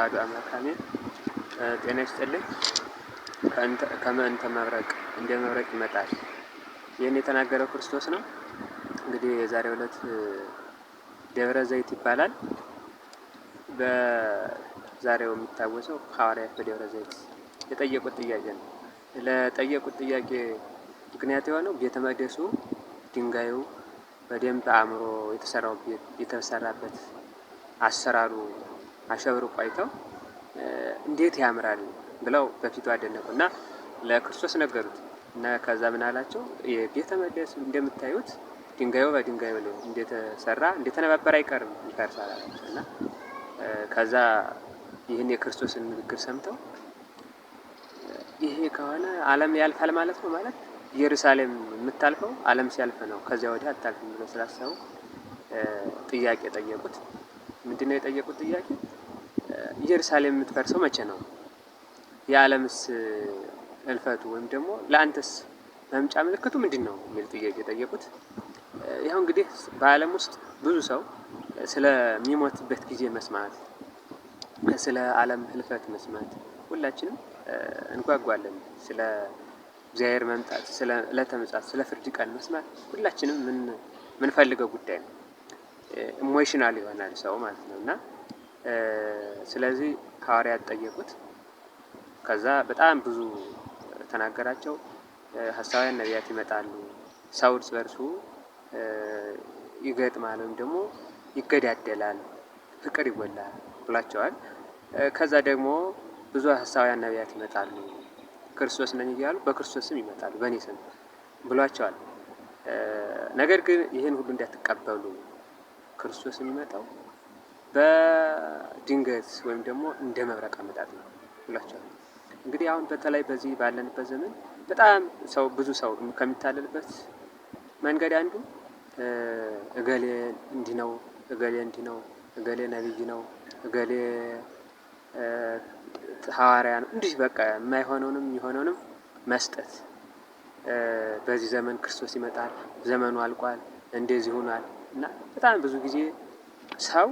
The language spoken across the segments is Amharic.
አሐዱ አምላክ አሜን። ጤና ይስጥልኝ። ከመእንተ መብረቅ እንደ መብረቅ ይመጣል። ይህን የተናገረው ክርስቶስ ነው። እንግዲህ የዛሬው ዕለት ደብረ ዘይት ይባላል። በዛሬው የሚታወሰው ሐዋርያት በደብረ ዘይት የጠየቁት ጥያቄ ነው። ለጠየቁት ጥያቄ ምክንያት የሆነው ቤተ መቅደሱ ድንጋዩ በደንብ አእምሮ የተሰራበት አሰራሩ አሸብርቆ አይተው እንዴት ያምራል ብለው በፊቱ እና ለክርስቶስ ነገሩት እና ከዛ ምን አላቸው? የቤተ መቅደስ እንደምታዩት ድንጋዩ በድንጋዩ ነው እንደተሰራ እንደተነባበረ አይቀርም ይፈርሳል አላቸው እና ከዛ ይህን የክርስቶስን ንግግር ሰምተው ይሄ ከሆነ ዓለም ያልፋል ማለት ነው ማለት ኢየሩሳሌም የምታልፈው ዓለም ሲያልፍ ነው፣ ከዚያ ወዲህ አታልፍም ብሎ ስላሰቡ ጥያቄ ጠየቁት። ምንድነው የጠየቁት ጥያቄ? ኢየሩሳሌም የምትፈርሰው መቼ ነው? የዓለምስ እልፈቱ ወይም ደግሞ ለአንተስ መምጫ ምልክቱ ምንድን ነው የሚል ጥያቄ የጠየቁት። ይኸው እንግዲህ በዓለም ውስጥ ብዙ ሰው ስለሚሞትበት ጊዜ መስማት፣ ስለ ዓለም ህልፈት መስማት ሁላችንም እንጓጓለን። ስለ እግዚአብሔር መምጣት፣ ስለ ዕለተ ምጽአት፣ ስለ ፍርድ ቀን መስማት ሁላችንም የምንፈልገው ጉዳይ ነው። ኢሞሽናል ይሆናል ሰው ማለት ነው። እና ስለዚህ ሐዋርያት ጠየቁት። ከዛ በጣም ብዙ ተናገራቸው። ሐሳውያን ነቢያት ይመጣሉ፣ ሰው እርስ በርሱ ይገጥማል ወይም ደግሞ ይገዳደላል፣ ፍቅር ይጎላል ብላቸዋል። ከዛ ደግሞ ብዙ ሐሳውያን ነቢያት ይመጣሉ፣ ክርስቶስ ነኝ እያሉ በክርስቶስ ስም ይመጣሉ፣ በእኔ ስም ብሏቸዋል። ነገር ግን ይህን ሁሉ እንዳትቀበሉ ክርስቶስ የሚመጣው በድንገት ወይም ደግሞ እንደ መብረቅ አመጣጥ ነው ብላቸዋል። እንግዲህ አሁን በተለይ በዚህ ባለንበት ዘመን በጣም ሰው ብዙ ሰው ከሚታለልበት መንገድ አንዱ እገሌ እንዲህ ነው፣ እገሌ እንዲህ ነው፣ እገሌ ነቢይ ነው፣ እገሌ ሐዋርያ ነው፣ እንዲህ በቃ የማይሆነውንም የሆነውንም መስጠት። በዚህ ዘመን ክርስቶስ ይመጣል፣ ዘመኑ አልቋል፣ እንደዚህ ሆኗል እና በጣም ብዙ ጊዜ ሰው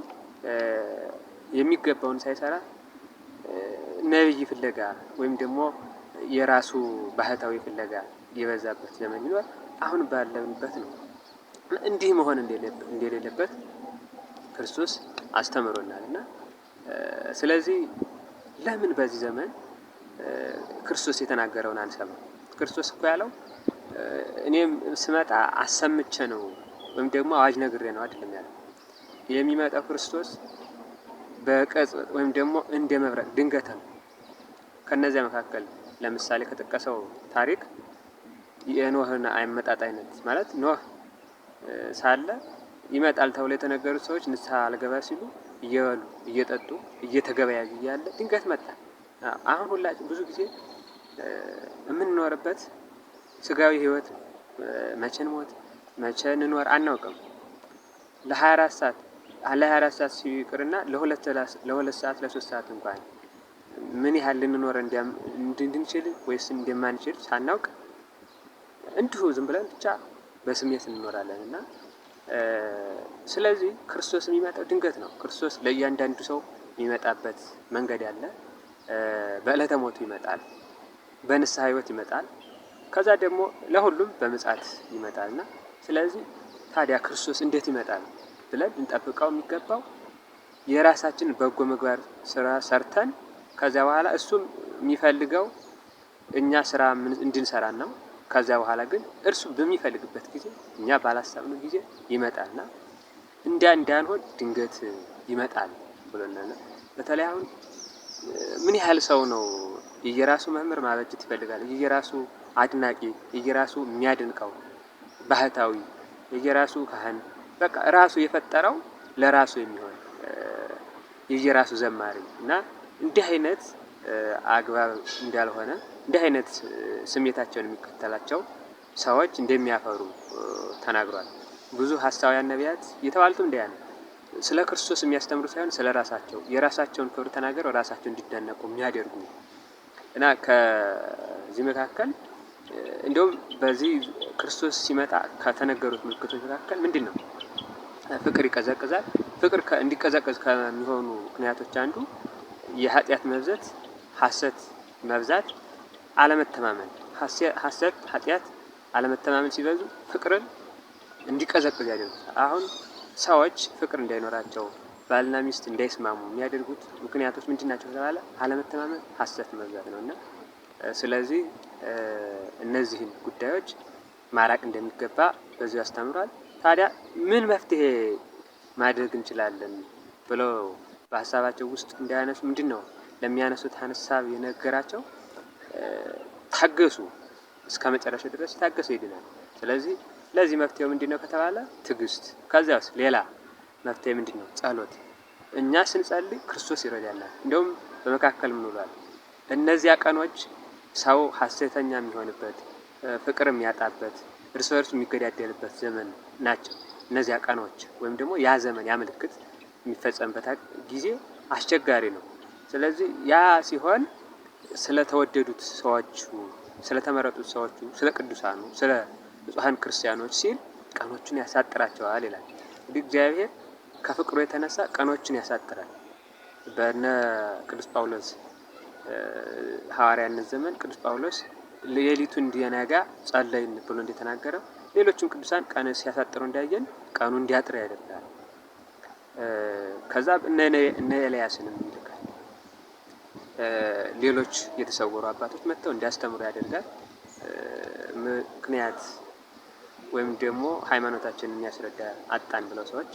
የሚገባውን ሳይሰራ ነብይ ፍለጋ ወይም ደግሞ የራሱ ባህታዊ ፍለጋ የበዛበት ዘመን ይኖር አሁን ባለንበት ነው። እንዲህ መሆን እንደሌለበት ክርስቶስ አስተምሮናል እና ስለዚህ ለምን በዚህ ዘመን ክርስቶስ የተናገረውን አንሰማ? ክርስቶስ እኮ ያለው እኔም ስመጣ አሰምቼ ነው ወይም ደግሞ አዋጅ ነግሬ ነው አይደለም ያለው። የሚመጣው ክርስቶስ በቀጽ ወይም ደግሞ እንደ መብረቅ ድንገት ነው። ከነዚያ መካከል ለምሳሌ ከጠቀሰው ታሪክ የኖህን አመጣጥ አይነት ማለት ኖህ ሳለ ይመጣል ተብሎ የተነገሩት ሰዎች ንስሐ አልገባ ሲሉ እየበሉ እየጠጡ እየተገበያዩ እያለ ድንገት መጣ። አሁን ሁላችን ብዙ ጊዜ የምንኖርበት ስጋዊ ህይወት መቼን ሞት መቼ እንኖር አናውቅም። ለ24 ሰዓት ለ24 ሰዓት ሲሉ ይቅርና ለሁለት ሰዓት ለሶስት ሰዓት እንኳን ምን ያህል ልንኖር እንድንችል ወይስ እንደማንችል ሳናውቅ እንዲሁ ዝም ብለን ብቻ በስሜት እንኖራለን እና ስለዚህ ክርስቶስ የሚመጣው ድንገት ነው። ክርስቶስ ለእያንዳንዱ ሰው የሚመጣበት መንገድ አለ በዕለተ ሞቱ ይመጣል፣ በንስሐ ህይወት ይመጣል፣ ከዛ ደግሞ ለሁሉም በምጽአት ይመጣልና ስለዚህ ታዲያ ክርስቶስ እንዴት ይመጣል ብለን እንጠብቀው የሚገባው የራሳችን በጎ ምግባር ስራ ሰርተን ከዚያ በኋላ እሱም የሚፈልገው እኛ ስራ እንድንሰራ ነው። ከዚያ በኋላ ግን እርሱ በሚፈልግበት ጊዜ እኛ ባላሰብነው ጊዜ ይመጣልና እንዲያ እንዳንሆን ድንገት ይመጣል ብሎናል። በተለይ አሁን ምን ያህል ሰው ነው የየራሱ መምህር ማበጀት ይፈልጋል፣ የየራሱ አድናቂ፣ የየራሱ የሚያድንቀው ባህታዊ የየራሱ ካህን በቃ ራሱ የፈጠረው ለራሱ የሚሆን የየራሱ ዘማሪ እና እንዲህ አይነት አግባብ እንዳልሆነ እንዲህ አይነት ስሜታቸውን የሚከተላቸው ሰዎች እንደሚያፈሩ ተናግሯል። ብዙ ሀሳውያን ነቢያት የተባሉትም እንዲያ ነው። ስለ ክርስቶስ የሚያስተምሩ ሳይሆን ስለ ራሳቸው የራሳቸውን ክብር ተናገረው ራሳቸው እንዲደነቁ የሚያደርጉ እና ከዚህ መካከል እንዲሁም በዚህ ክርስቶስ ሲመጣ ከተነገሩት ምልክቶች መካከል ምንድን ነው? ፍቅር ይቀዘቅዛል። ፍቅር እንዲቀዘቀዝ ከሚሆኑ ምክንያቶች አንዱ የኃጢአት መብዘት፣ ሐሰት መብዛት፣ አለመተማመን፣ ሐሰት፣ ኃጢአት፣ አለመተማመን ሲበዙ ፍቅርን እንዲቀዘቅዝ ያደርጉታል። አሁን ሰዎች ፍቅር እንዳይኖራቸው ባልና ሚስት እንዳይስማሙ የሚያደርጉት ምክንያቶች ምንድን ናቸው ከተባለ አለመተማመን፣ ሐሰት መብዛት ነው እና ስለዚህ እነዚህን ጉዳዮች ማራቅ እንደሚገባ በዚሁ ያስተምራል። ታዲያ ምን መፍትሄ ማድረግ እንችላለን ብለው በሀሳባቸው ውስጥ እንዳያነሱ ምንድን ነው ለሚያነሱት ሀሳብ የነገራቸው ታገሱ፣ እስከ መጨረሻው ድረስ ታገሱ ይድናል። ስለዚህ ለዚህ መፍትሄው ምንድን ነው ከተባለ ትዕግስት። ከዚያ ውስጥ ሌላ መፍትሄ ምንድን ነው? ጸሎት። እኛ ስንጸልይ ክርስቶስ ይረዳናል። እንደውም በመካከል ምን እነዚያ ቀኖች ሰው ሀሴተኛ የሚሆንበት ፍቅር የሚያጣበት እርስ በርሱ የሚገዳደልበት ዘመን ናቸው። እነዚያ ቀኖች ወይም ደግሞ ያ ዘመን ያ ምልክት የሚፈጸምበት ጊዜ አስቸጋሪ ነው። ስለዚህ ያ ሲሆን ስለተወደዱት ሰዎቹ፣ ስለተመረጡት ሰዎቹ፣ ስለ ቅዱሳኑ፣ ስለ ንጹሐን ክርስቲያኖች ሲል ቀኖቹን ያሳጥራቸዋል ይላል። እንግዲህ እግዚአብሔር ከፍቅሩ የተነሳ ቀኖችን ያሳጥራል። በነ ቅዱስ ጳውሎስ ሐዋርያነት ዘመን ቅዱስ ጳውሎስ ሌሊቱ እንዲነጋ ጸለይን ብሎ እንደተናገረ ሌሎችም ቅዱሳን ቀን ሲያሳጥሩ እንዳየን ቀኑ እንዲያጥር ያደርጋል። ከዛ እነ ኤልያስንም ይልካል። ሌሎች የተሰወሩ አባቶች መጥተው እንዲያስተምሩ ያደርጋል። ምክንያት ወይም ደግሞ ሃይማኖታችንን የሚያስረዳ አጣን ብለው ሰዎች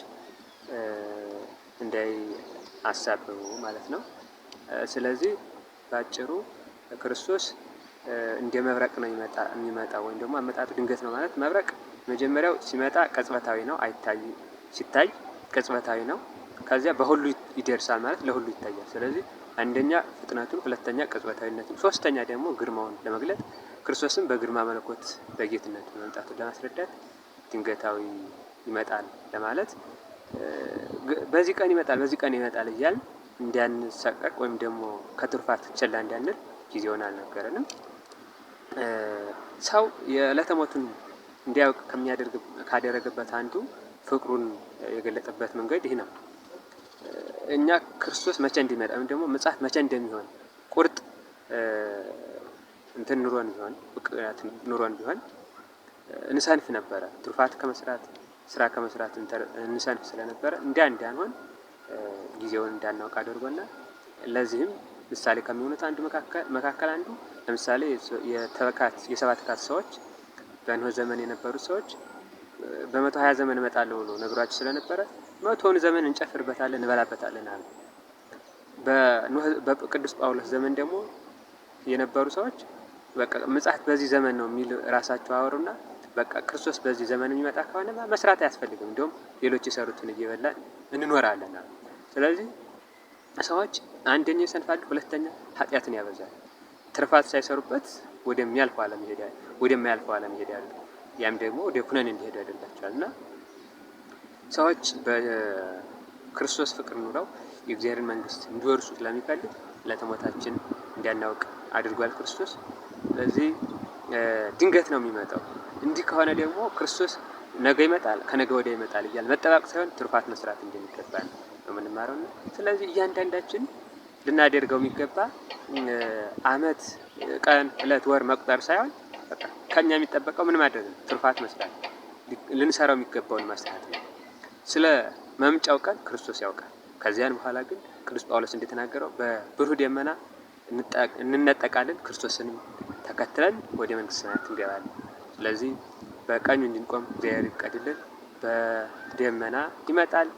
እንዳይ አሳብቡ ማለት ነው። ስለዚህ በአጭሩ ክርስቶስ እንደ መብረቅ ነው የሚመጣው፣ ወይም ደግሞ አመጣጡ ድንገት ነው ማለት። መብረቅ መጀመሪያው ሲመጣ ቅጽበታዊ ነው፣ አይታይ ሲታይ ቅጽበታዊ ነው። ከዚያ በሁሉ ይደርሳል ማለት ለሁሉ ይታያል። ስለዚህ አንደኛ ፍጥነቱን፣ ሁለተኛ ቅጽበታዊነቱን፣ ሶስተኛ ደግሞ ግርማውን ለመግለጥ ክርስቶስን በግርማ መለኮት በጌትነቱ መምጣቱን ለማስረዳት ድንገታዊ ይመጣል ለማለት በዚህ ቀን ይመጣል በዚህ ቀን ይመጣል እያል እንዳንሰቀቅ ወይም ደግሞ ከትርፋት ቸላ እንዲያንል ጊዜውን አልነገረንም። ሰው የዕለተ ሞቱን እንዲያውቅ ከሚያደርግ ካደረገበት አንዱ ፍቅሩን የገለጠበት መንገድ ይህ ነው። እኛ ክርስቶስ መቼ እንዲመጣ ወይም ደግሞ ምጽአት መቼ እንደሚሆን ቁርጥ እንትን ኑሮን ቢሆን ብቅት ኑሮን ቢሆን እንሰንፍ ነበረ። ትሩፋት ከመስራት ስራ ከመስራት እንሰንፍ ስለነበረ እንዲያ እንዲያንሆን ጊዜውን እንዳናውቅ አድርጎና ለዚህም ምሳሌ ከሚሆኑት አንዱ መካከል አንዱ ለምሳሌ የተበካት የሰባት ካት ሰዎች በኖህ ዘመን የነበሩ ሰዎች በመቶ ሀያ ዘመን እመጣለሁ ብሎ ነግሯቸው ስለነበረ መቶውን ዘመን እንጨፍርበታለን እንበላበታለን አሉ። በቅዱስ ጳውሎስ ዘመን ደግሞ የነበሩ ሰዎች በቃ ምጽአት በዚህ ዘመን ነው የሚል ራሳቸው አወሩና በቃ ክርስቶስ በዚህ ዘመን የሚመጣ ከሆነ መስራት አያስፈልግም፣ እንዲሁም ሌሎች የሰሩትን እየበላን እንኖራለን አሉ። ስለዚህ ሰዎች አንደኛ ይሰንፋሉ፣ ሁለተኛ ኃጢአትን ያበዛል። ትርፋት ሳይሰሩበት ወደሚያልፈው ዓለም ይሄዳል፣ ወደማያልፈው ዓለም ይሄዳሉ። ያም ደግሞ ወደ ኩነኔ እንዲሄዱ ያደርጋቸዋል። እና ሰዎች በክርስቶስ ፍቅር ኑረው የእግዚአብሔርን መንግስት እንዲወርሱ ስለሚፈልግ ለተሞታችን እንዲያናውቅ አድርጓል ክርስቶስ። ስለዚህ ድንገት ነው የሚመጣው። እንዲህ ከሆነ ደግሞ ክርስቶስ ነገ ይመጣል፣ ከነገ ወዲያ ይመጣል እያል መጠባቅ ሳይሆን ትሩፋት መስራት እንደሚገባ ነው። ነው የምንማረው። ስለዚህ እያንዳንዳችን ልናደርገው የሚገባ አመት፣ ቀን፣ እለት፣ ወር መቁጠር ሳይሆን ከኛ የሚጠበቀው ምን ማድረግ ነው? ትሩፋት መስራት፣ ልንሰራው የሚገባውን መስራት ነው። ስለ መምጫው ቀን ክርስቶስ ያውቃል። ከዚያን በኋላ ግን ቅዱስ ጳውሎስ እንደተናገረው በብሩህ ደመና እንነጠቃለን፣ ክርስቶስንም ተከትለን ወደ መንግስተ ሰማያት እንገባለን። ስለዚህ በቀኙ እንድንቆም እግዚአብሔር ይፍቀድልን። በደመና ይመጣል።